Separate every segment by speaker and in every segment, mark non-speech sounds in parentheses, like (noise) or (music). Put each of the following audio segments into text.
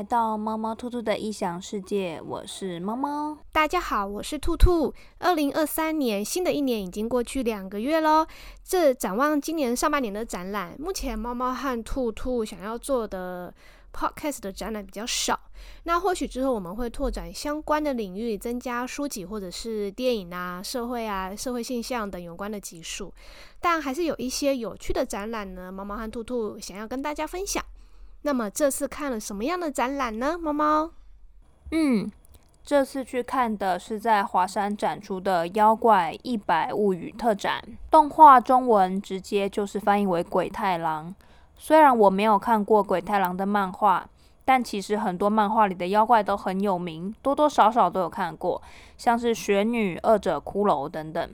Speaker 1: 來
Speaker 2: 到貓貓兔兔的異想世界，我是貓貓。大家好，我是兔兔。二零二三年，新的一年已經過去兩個月嘍。這展望今年上半年的展覽，目前貓貓和兔兔想要做的 podcast 的展覽比較少。那或許之後我們會拓展相關的領域，增加書籍或者是電影啊、社會啊、社會啊、社會現象等有關的集數。但還是有一些有趣的展覽呢，貓貓和兔兔想要跟大家分享。那麼這次看了什麼樣的展覽呢？貓貓，嗯，這次去看的是在華山展
Speaker 1: 出的《妖怪一百物語》特展。動畫中文直接就是翻譯為《鬼太郎》。雖然我沒有看過《鬼太郎》的漫畫，但其實很多漫畫裡的妖怪都很有名，多多少少都有看過，像是雪女、二者骷髏等等。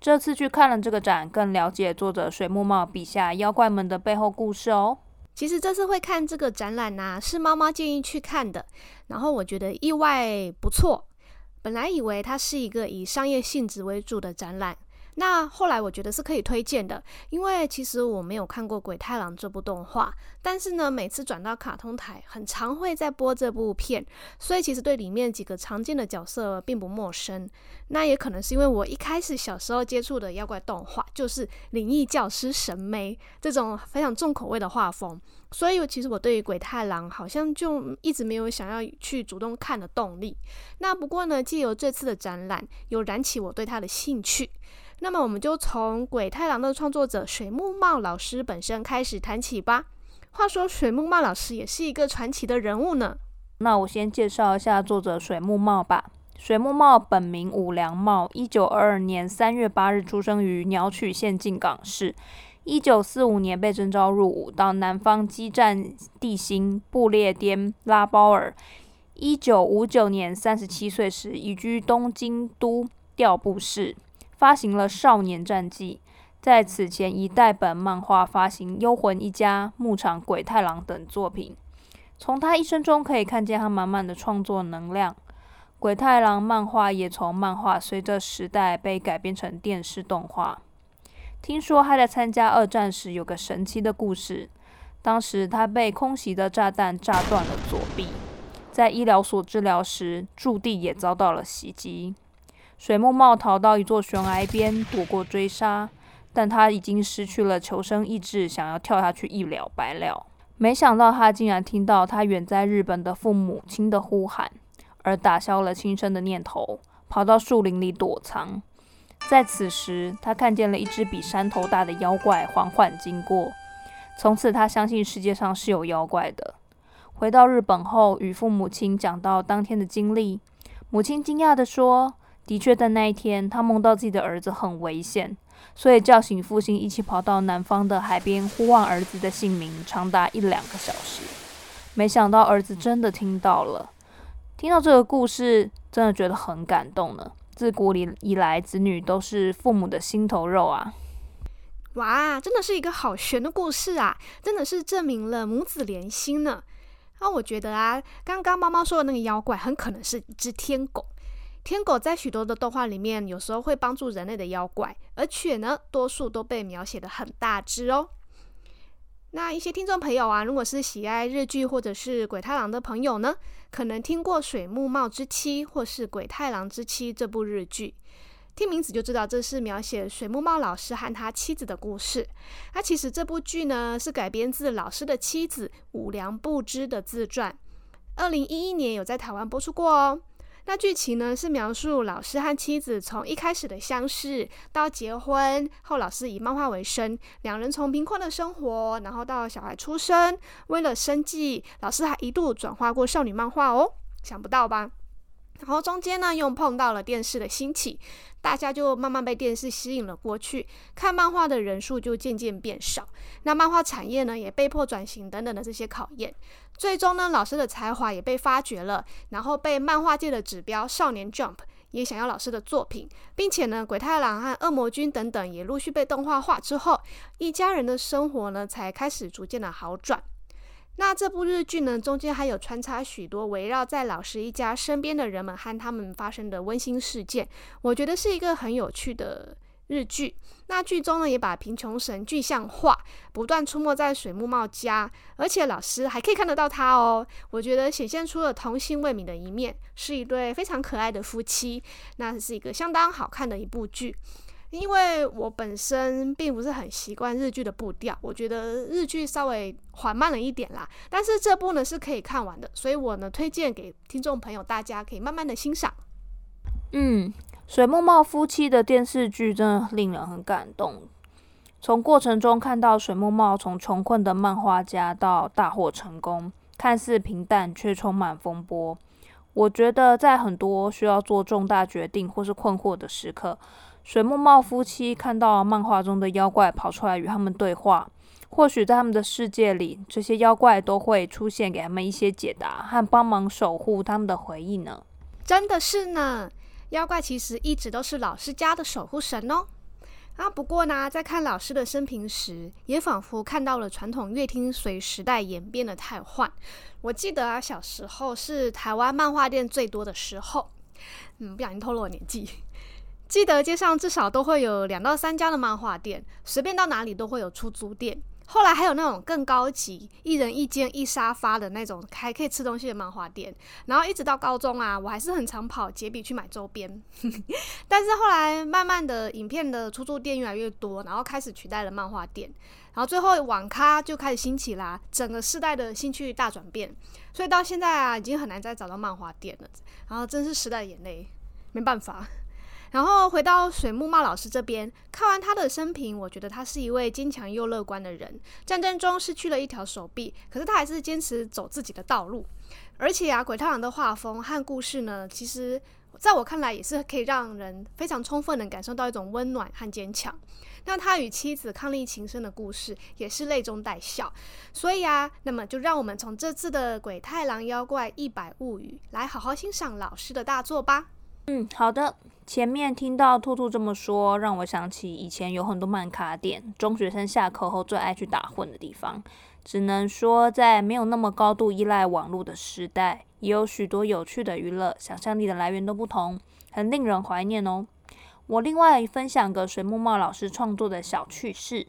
Speaker 1: 這次去看了這個展，更了解作者水木茂筆下
Speaker 2: 妖怪們的背後故事哦。其實這次會看這個展覽吶、啊，是貓貓建議去看的。然後我覺得意外不錯，本來以為它是一個以商業性質為主的展覽。那後來我覺得是可以推薦的，因為其實我沒有看過《鬼太郎》這部動畫，但是呢，每次轉到卡通台，很常會在播這部片，所以其實對裡面幾個常見的角色並不陌生。那也可能是因為我一開始小時候接觸的妖怪動畫就是《靈異教師神眉》這種非常重口味的畫風，所以其實我對於《鬼太郎》好像就一直沒有想要去主動看的動力。那不過呢，借由這次的展覽，又燃起我對它的興趣。那麼我們就從《鬼太郎》的創作者水木茂老師本身開始談起吧。話說水木茂老師也是一個傳奇的人物呢？
Speaker 1: 那我先介紹一下作者水木茂吧。水木茂本名武良茂，一九二二年三月八日出生於鳥取縣境港市。一九四五年被徵召入伍，到南方激戰地新不列顛拉包爾。一九五九年三十七歲時，移居東京都調布市。發行了《少年戰記》，在此前一代本漫畫發行《幽魂一家》《墓場鬼太郎》等作品。從他一生中可以看見他滿滿的創作能量。鬼太郎漫畫也從漫畫隨着時代被改編成電視動畫。聽說他在參加二戰時有個神奇的故事：當時他被空襲的炸彈炸斷了左臂，在醫療所治療時，駐地也遭到了襲擊。水木茂逃到一座懸崖邊，躲過追殺，但他已經失去了求生意誌，想要跳下去一了百了。沒想到他竟然聽到他遠在日本的父母親的呼喊，而打消了輕生的念頭，跑到樹林裡躲藏。在此時，他看見了一隻比山頭大的妖怪緩緩經過。從此，他相信世界上是有妖怪的。回到日本後，與父母親講到當天的經歷，母親驚訝地說：的確，在那一天，他夢到自己的兒子很危險，所以叫醒父親，一起跑到南方的海邊呼喚兒子的姓名，長達一兩個小時。沒想到兒子真的聽到了。聽到這個故事，真的覺得很感動呢。自古以來，子女都是父母的心頭肉啊。
Speaker 2: 哇，真的是一個好懸的故事啊！真的是證明了母子連心呢。那、啊、我覺得啊，剛剛貓貓說的那個妖怪，很可能是一隻天狗。天狗在許多的動畫裡面，有時候會幫助人類的妖怪，而且呢，多數都被描寫得很大只哦。那一些聽眾朋友啊，如果是喜愛日劇或者是鬼太郎的朋友呢，可能聽過《水木茂之妻》或是《鬼太郎之妻》這部日劇，聽名字就知道這是描寫水木茂老師和他妻子的故事。那、啊、其實這部劇呢，是改編自老師的妻子武良布枝的自傳。二零一一年有在台灣播出過哦。那劇情呢，是描述老師和妻子從一開始的相識，到結婚後，老師以漫畫為生，兩人從貧困的生活，然後到小孩出生，為了生計，老師還一度轉化過少女漫畫哦，想不到吧？然後中間呢，又碰到了電視的興起，大家就慢慢被電視吸引了過去，看漫畫的人數就漸漸變少，那漫畫產業呢，也被迫轉型等等的這些考驗。最終呢，老師的才華也被發掘了，然後被漫畫界的指標《少年 Jump》也想要老師的作品，並且呢，鬼太郎和惡魔君等等也陸續被動畫化之後，一家人的生活呢才開始逐漸的好轉。那這部日劇呢，中間還有穿插許多圍繞在老師一家身邊的人們和他們發生的溫馨事件，我覺得是一個很有趣的。日劇，那劇中呢也把貧窮神具象化，不斷出沒在水木茂家，而且老師還可以看得到他哦。我覺得顯現出了童心未泯的一面，是一對非常可愛的夫妻。那是一個相當好看的一部劇，因為我本身並不是很習慣日劇的步調，我覺得日劇稍微緩慢了一點啦。但是這部呢是可以看完的，所以我呢推薦給聽眾朋友，大家可以慢慢的欣賞。
Speaker 1: 嗯。水木茂夫妻的電視劇真的令人很感動。從過程中看到水木茂從窮困的漫畫家到大獲成功，看似平淡卻充滿風波。我覺得在很多需要做重大決定或是困惑的時刻，水木茂夫妻看到漫畫中的妖怪跑出來與他們對話，或許在他們的世界裡，這些妖怪都會出現，給他們一些解答和幫忙守護他們的回憶呢。
Speaker 2: 真的是呢。妖怪其實一直都是老師家的守護神哦。啊，不過呢，在看老師的生平時，也仿佛看到了傳統樂廳隨時代演變的汰換。我記得啊，小時候是台灣漫畫店最多的時候。嗯，不小心透露我年紀。記得街上至少都會有兩到三家的漫畫店，隨便到哪裡都會有出租店。後來還有那種更高級，一人一間一沙發的那種，還可以吃東西的漫畫店。然後一直到高中啊，我還是很常跑傑比去買周邊呵呵。但是後來慢慢的，影片的出租店越來越多，然後開始取代了漫畫店。然後最後網咖就開始興起啦，啊，整個世代的興趣大轉變。所以到現在啊，已經很難再找到漫畫店了。然後真是時代的眼淚，沒辦法。然後回到水木茂老師這邊，看完他的生平，我覺得他是一位堅強又樂觀的人。戰爭中失去了一條手臂，可是他還是堅持走自己的道路。而且啊，鬼太郎的畫風和故事呢，其實在我看來也是可以讓人非常充分地感受到一種溫暖和堅強。那他與妻子伉儷情深的故事，也是淚中帶笑。所以啊，那麼就讓我們從這次的《鬼太郎妖怪一百物語》來好好欣賞老師的大作吧。嗯，好的。前面聽
Speaker 1: 到兔兔這麼說，讓我想起以前有很多漫卡店，中學生下課後最愛去打混的地方。只能說，在沒有那麼高度依賴網絡的時代，也有許多有趣的娛樂，想象力的來源都不同，很令人懷念哦。我另外分享個水木茂老師創作的小趣事。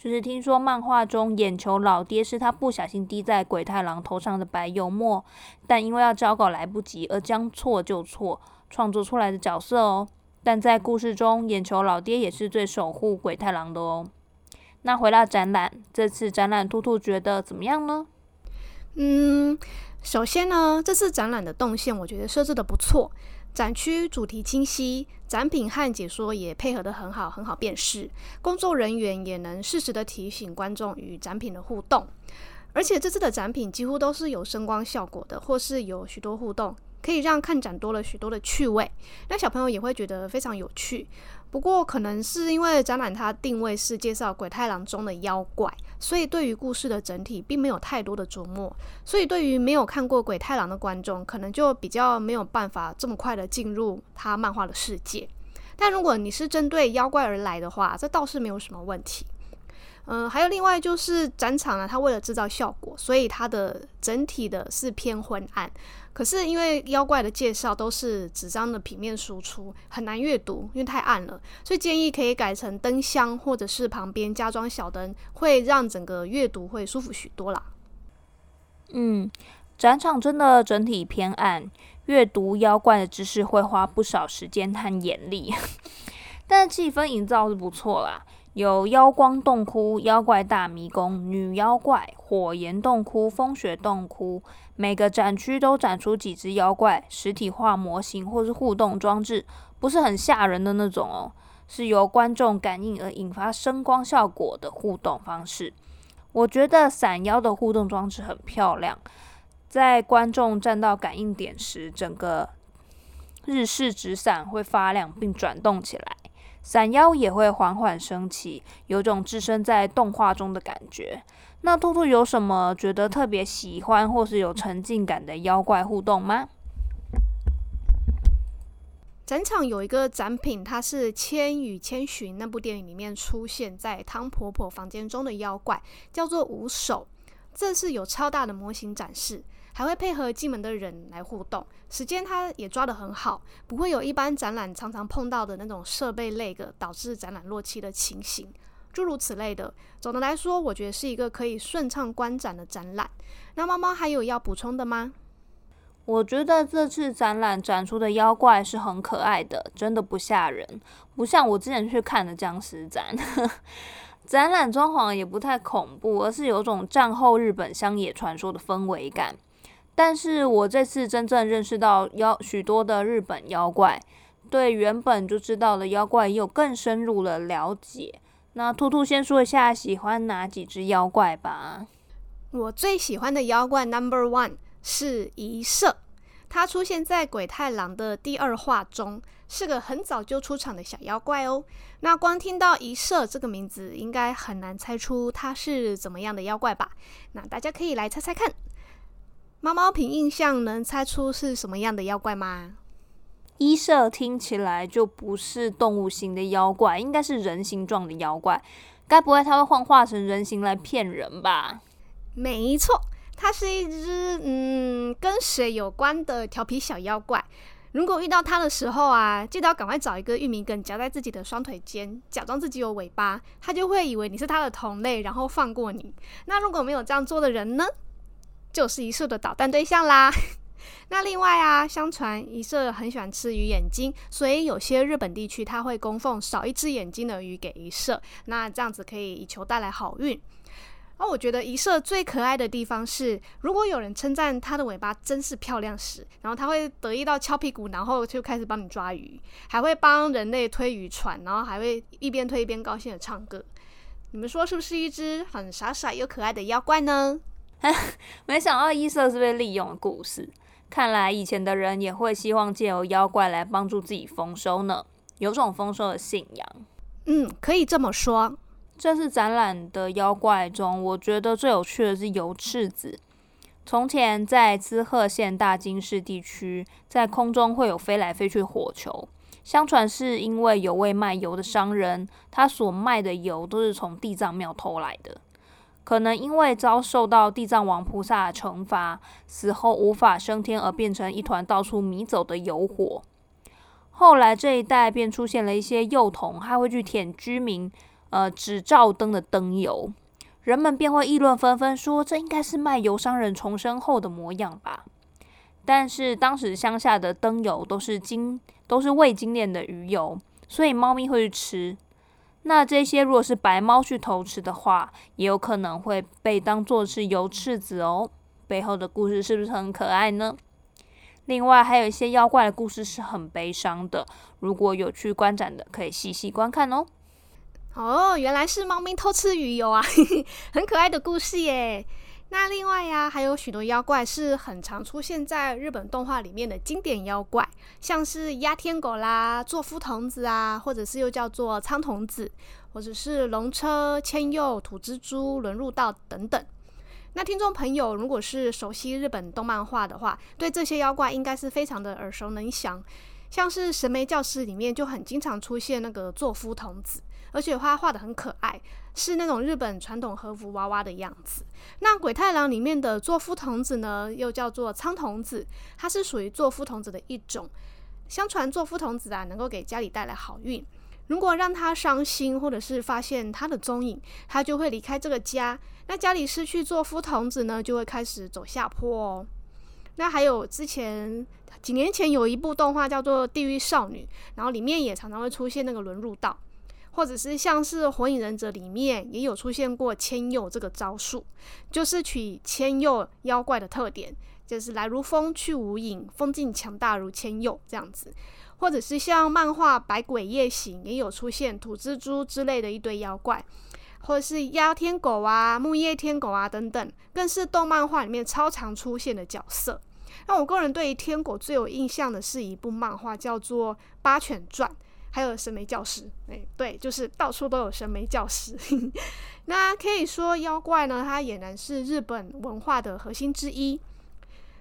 Speaker 1: 就是聽說漫畫中眼球老爹是他不小心滴在鬼太郎頭上的白油墨，但因為要交稿來不及而將錯就錯創作出來的角色哦、喔。但在故事中，眼球老爹也是最守護鬼太郎的哦、喔。那回到展覽，
Speaker 2: 這次展覽兔兔覺得怎麼樣呢？嗯，首先呢，這次展覽的動線我覺得設置的不錯。展區主題清晰，展品和解說也配合得很好，很好辨識。工作人員也能適時的提醒觀眾與展品的互動，而且這次的展品幾乎都是有聲光效果的，或是有許多互動，可以讓看展多了許多的趣味。那小朋友也會覺得非常有趣。不過可能是因為展覽它定位是介紹《鬼太郎》中的妖怪。所以對於故事的整體並沒有太多的琢磨，所以對於沒有看過《鬼太郎》的觀眾，可能就比較沒有辦法這麼快的進入他漫畫的世界。但如果你是針對妖怪而來的話，這倒是沒有什麼問題。嗯、呃，還有另外就是展場啊，他為了製造效果，所以它的整體的是偏昏暗。可是因為妖怪的介紹都是紙張的平面輸出，很難閱讀，因為太暗了。所以建議可以改成燈箱，或者是旁邊加裝小燈，會讓整個閱讀會舒服許多啦。嗯，展場真的
Speaker 1: 整體偏暗，閱讀妖怪的知識會花不少時間和眼力。 (laughs) 但是氣氛營造是不錯啦，有妖光洞窟、妖怪大迷宮、女妖怪、火炎洞窟、風雪洞窟。每個展區都展出幾隻妖怪，實體化模型或是互動裝置，不是很嚇人的那種哦，是由觀眾感應而引發聲光效果的互動方式。我覺得傘妖的互動裝置很漂亮，在觀眾站到感應點時，整個日式紙傘會發亮並轉動起來。傘妖也會緩緩升起，有種置身在動畫中的感覺。那兔兔有什麼覺得特別喜歡或是有沉浸感的妖怪互動嗎？
Speaker 2: 展場有一個展品，它是《千與千尋》那部電影裡面出現在湯婆婆房間中的妖怪，叫做五首，這是有超大的模型展示。還會配合進門的人來互動，時間它也抓得很好，不會有一般展覽常常碰到的那種設備類的導致展覽落期的情形，諸如此類的。總的來說，我覺得是一個可以順暢觀展的展覽。那貓貓還有要補充的嗎？
Speaker 1: 我覺得這次展覽展出的妖怪是很可愛的，真的不嚇人，不像我之前去看的殭屍展。 (laughs) 展覽裝潢也不太恐怖，而是有種戰後日本鄉野傳說的氛圍感。但是我這次真正認識到妖許多的日本妖怪，對原本就知道的妖怪也有更深入的了解。那兔兔先說一下喜歡哪幾
Speaker 2: 隻妖怪吧。我最喜歡的妖怪 Number One 是一色，它出現在鬼太郎的第二話中，是個很早就出場的小妖怪哦。那光聽到一色這個名字，應該很難猜出它是怎麼樣的妖怪吧？那大家可以來猜猜看。貓貓憑印象能猜出是什麼樣的妖怪嗎？醫色聽起來就不是
Speaker 1: 動物型的妖怪，應該是人形狀的妖怪。該不會它會幻化成人形來騙人吧？嗯、
Speaker 2: 沒錯，它是一隻，嗯，跟水有關的調皮小妖怪。如果遇到它的時候啊，記得要趕快找一個玉米梗夾在自己的雙腿間，假裝自己有尾巴，它就會以為你是它的同類，然後放過你。那如果沒有這樣做的人呢？就是一色的搗蛋對象啦。 (laughs) 那另外啊，相傳一色很喜歡吃魚眼睛，所以有些日本地區他會供奉少一隻眼睛的魚給一色，那這樣子可以以求帶來好運。而、啊、我覺得一色最可愛的地方是，如果有人稱讚他的尾巴真是漂亮時，然後他會得意到翹屁股，然後就開始幫你抓魚，還會幫人類推漁船，然後還會一邊推一邊高興的唱歌。你們說是不是一隻很傻傻又可愛的妖怪呢？ (laughs) 沒想到伊瑟是被利用的故事，
Speaker 1: 看來以前的人也會希望借由妖怪來幫助自己豐收呢，有種豐收的信仰。
Speaker 2: 嗯，可以這麼說。
Speaker 1: 這次展覽的妖怪中，我覺得最有趣的是油赤子。從前在滋賀縣大津市地區，在空中會有飛來飛去的火球。相傳是因為有位賣油的商人，他所賣的油都是從地藏廟偷來的。可能因為遭受到地藏王菩薩的懲罰，死後無法升天而變成一團到處迷走的油火。後來這一帶便出現了一些幼童，還會去舔居民呃紙罩燈的燈油，人們便會議論紛紛說，說，這應該是賣油商人重生後的模樣吧。但是當時鄉下的燈油都是精都是未精煉的魚油，所以貓咪會去吃。那這些如果是白貓去偷吃的話，也有可能會被當作是油赤子哦。背後的故事是不是很可愛呢？另外還有一些妖怪的故事是很悲傷的，如果有去觀展的，可以細細觀看哦。
Speaker 2: 哦，原來是貓咪偷吃魚油啊， (laughs) 很可愛的故事耶。那另外呀，還有許多妖怪是很常出現在日本動畫裡面的經典妖怪，像是鴉天狗啦、座敷童子啊，或者是又叫做蒼童子，或者是龍車、千佑、土蜘蛛、輪入道等等。那聽眾朋友，如果是熟悉日本動漫畫的話，對這些妖怪應該是非常的耳熟能詳，像是《神眉教室》裡面就很經常出現那個座敷童子。而且畫畫得很可愛，是那種日本傳統和服娃娃的樣子。那《鬼太郎》裡面的座敷童子呢，又叫做倉童子，它是屬於座敷童子的一種。相傳座敷童子啊，能夠給家裡帶來好運。如果讓他傷心，或者是發現他的蹤影，他就會離開這個家。那家裡失去座敷童子呢，就會開始走下坡哦。那還有之前幾年前有一部動畫叫做《地獄少女》，然後裡面也常常會出現那個輪入道。或者是像是《火影忍者》裡面也有出現過千佑這個招數，就是取千佑妖怪的特點，就是來如風去無影，風景強大如千佑這樣子。或者是像漫畫《百鬼夜行》也有出現土蜘蛛之類的一堆妖怪，或者是鴉天狗啊、木葉天狗啊等等，更是動漫畫裡面超常出現的角色。那我個人對於天狗最有印象的是一部漫畫，叫做《八犬傳》。還有神媒教師，誒、欸，對，就是到處都有神媒教師。 (laughs) 那可以說，妖怪呢，它儼然是日本文化的核心之一。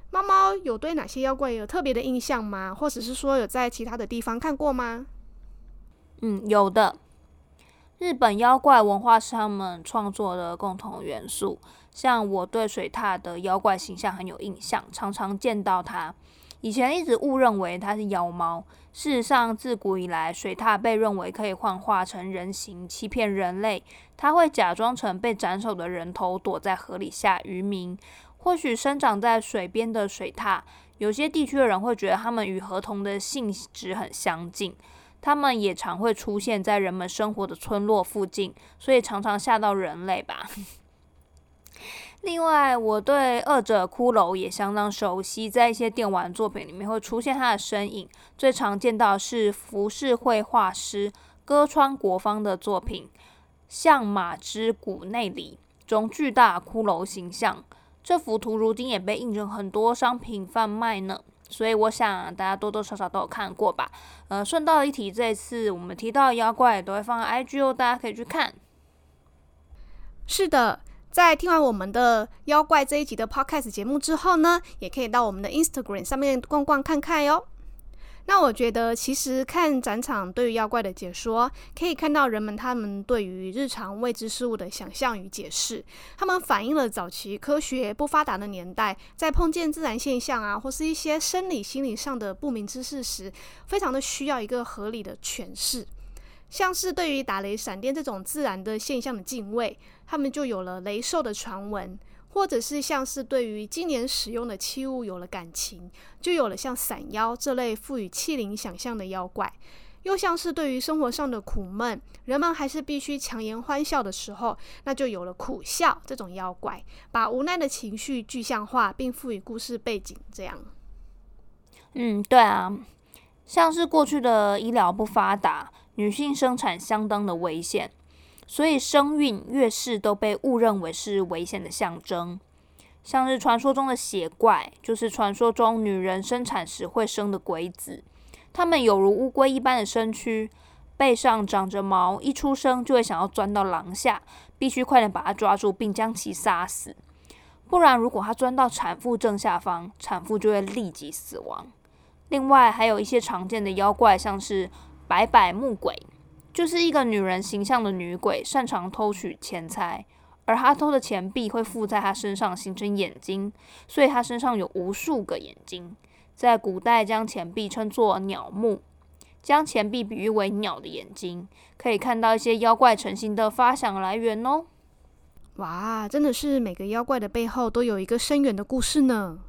Speaker 2: 貓貓有對哪些妖怪有特別的印象嗎？或者是說，有在其他的地方看過嗎？嗯，有的。日本妖怪文化
Speaker 1: 是他們創作的共同元素。像我對水獺的妖怪形象很有印象，常常見到它。以前一直誤認為它是妖貓。事實上，自古以來，水獺被認為可以幻化成人形，欺騙人類。它會假裝成被斬首的人頭，躲在河裡嚇漁民。或許生長在水邊的水獺，有些地區的人會覺得它們與河童的性質很相近。它們也常會出現在人們生活的村落附近，所以常常嚇到人類吧。 (laughs) 另外，我對二者骷髏也相當熟悉，在一些電玩作品裡面會出現他的身影。最常見到是浮世繪畫師歌川國芳的作品，像《相馬之古內裏》中巨大骷髏形象。這幅圖如今也被印成很多商品販賣呢，所以我想大家多多少少都有看過吧。呃，順道一提，這次我
Speaker 2: 們提到的妖怪都會放 IG 哦，大家可以去看。是的。在聽完我們的妖怪這一集的 Podcast 節目之後呢，也可以到我們的 Instagram 上面逛逛看看喲。那我覺得，其實看展場對於妖怪的解說，可以看到人們他們對於日常未知事物的想象與解釋，他們反映了早期科學不發達的年代，在碰見自然現象啊，或是一些生理心理上的不明之事時，非常的需要一個合理的詮釋。像是對於打雷閃電這種自然的現象的敬畏，他們就有了雷獸的傳聞；或者是像是對於今年使用的器物有了感情，就有了像傘妖這類賦予器靈想象的妖怪；又像是對於生活上的苦悶，人們還是必須強顏歡笑的時候，那就有了苦笑這種妖怪，把無奈的情緒具，具象化並賦予故事背景。這樣，
Speaker 1: 嗯，對啊，像是過去的醫療不發達。女性生產相當的危險，所以生孕、月事都被誤認為是危險的象徵。像是傳說中的血怪，就是傳說中女人生產時會生的鬼子，他們有如烏龜一般的身軀，背上長着毛，一出生就會想要鑽到廊下，必須快點把它抓住並將其殺死，不然如果它鑽到產婦正下方，產婦就會立即死亡。另外還有一些常見的妖怪，像是。百百目鬼就是一個女人形象的女鬼，擅長偷取錢財，而她偷的錢幣會附在她身上形成眼睛，所以她身上有無數個眼睛。在古代，將錢幣稱作鳥目，將錢幣比喻為鳥的眼睛，可以看到一些妖怪成形的發想來源哦。哇，
Speaker 2: 真的是每個妖怪的背後都有一個深遠的故事呢。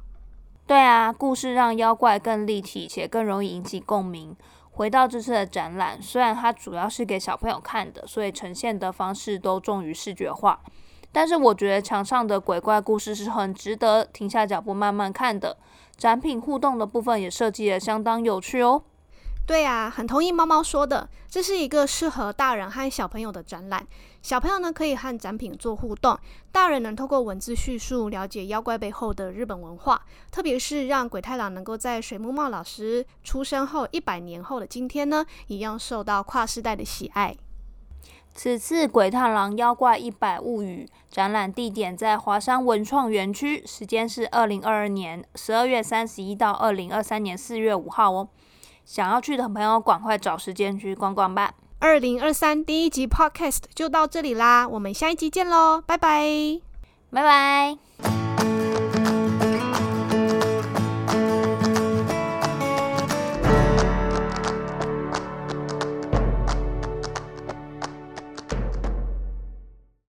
Speaker 1: 對啊，故事讓妖怪更立體，且更容易引起共鳴。回到這次的展覽，雖然它主要是給小朋友看的，所以呈現的方式都重於視覺化，但是我覺得牆上的鬼怪故事是很值得停下腳步慢慢看的。展品
Speaker 2: 互動的部分也設計得相當有趣哦。對啊，很同意貓貓說的，這是一個適合大人和小朋友的展覽。小朋友呢可以和展品做互動，大人能通過文字敘述了解妖怪背後的日本文化，特別是讓鬼太郎能夠在水木茂老師出生後一百年後的今天呢，一樣受到跨世代的喜愛。此次《鬼太郎妖怪一百物語》展
Speaker 1: 覽地點在華山文創園區，時間是二零二二年十二月三十一到二零二三年四月五號哦。想要去的朋友，趕快找時間去逛逛吧。
Speaker 2: 二零二三第一集 Podcast 就到這裡啦，我們下一集見嘍，拜拜，拜拜。